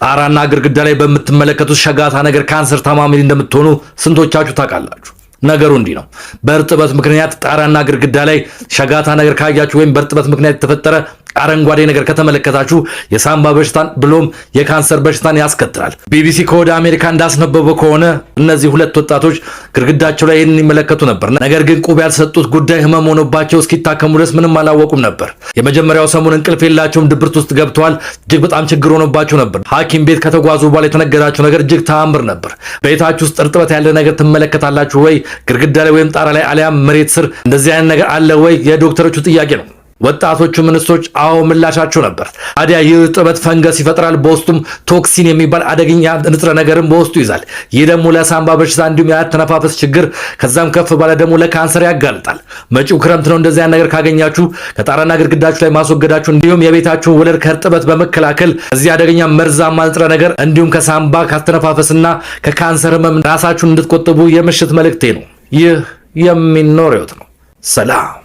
ጣራና ግድግዳ ላይ በምትመለከቱት ሸጋታ ነገር ካንሰር ታማሚ እንደምትሆኑ ስንቶቻችሁ ታውቃላችሁ? ነገሩ እንዲህ ነው። በእርጥበት ምክንያት ጣራና ግድግዳ ላይ ሸጋታ ነገር ካያችሁ ወይም በእርጥበት ምክንያት የተፈጠረ አረንጓዴ ነገር ከተመለከታችሁ የሳምባ በሽታን ብሎም የካንሰር በሽታን ያስከትላል። ቢቢሲ ከወደ አሜሪካ እንዳስነበበ ከሆነ እነዚህ ሁለት ወጣቶች ግድግዳቸው ላይ ይህንን ይመለከቱ ነበር። ነገር ግን ቁብ ያልሰጡት ጉዳይ ህመም ሆኖባቸው እስኪታከሙ ድረስ ምንም አላወቁም ነበር። የመጀመሪያው ሰሞን እንቅልፍ የላቸውም፣ ድብርት ውስጥ ገብተዋል። እጅግ በጣም ችግር ሆኖባቸው ነበር። ሐኪም ቤት ከተጓዙ በኋላ የተነገራቸው ነገር እጅግ ተአምር ነበር። ቤታችሁ ውስጥ እርጥበት ያለ ነገር ትመለከታላችሁ ወይ? ግድግዳ ላይ ወይም ጣራ ላይ አሊያም መሬት ስር እንደዚህ አይነት ነገር አለ ወይ? የዶክተሮቹ ጥያቄ ነው። ወጣቶቹ ሚኒስትሮች አዎ ምላሻቸው ነበር። ታዲያ ይህ እርጥበት ፈንገስ ይፈጥራል። በውስጡም ቶክሲን የሚባል አደገኛ ንጥረ ነገርም በውስጡ ይዛል። ይህ ደግሞ ለሳምባ በሽታ እንዲሁም ያተነፋፈስ ችግር ከዛም ከፍ ባለ ደግሞ ለካንሰር ያጋልጣል። መጪው ክረምት ነው እንደዚያ ነገር ካገኛችሁ ከጣራና ግድግዳችሁ ላይ ማስወገዳችሁ እንዲሁም የቤታችሁን ወለል ከእርጥበት በመከላከል እዚህ አደገኛ መርዛማ ንጥረ ነገር እንዲሁም ከሳምባ ካተነፋፈስና ከካንሰር ህመም ራሳችሁን እንድትቆጥቡ የምሽት መልእክቴ ነው። ይህ የሚኖር ህይወት ነው። ሰላም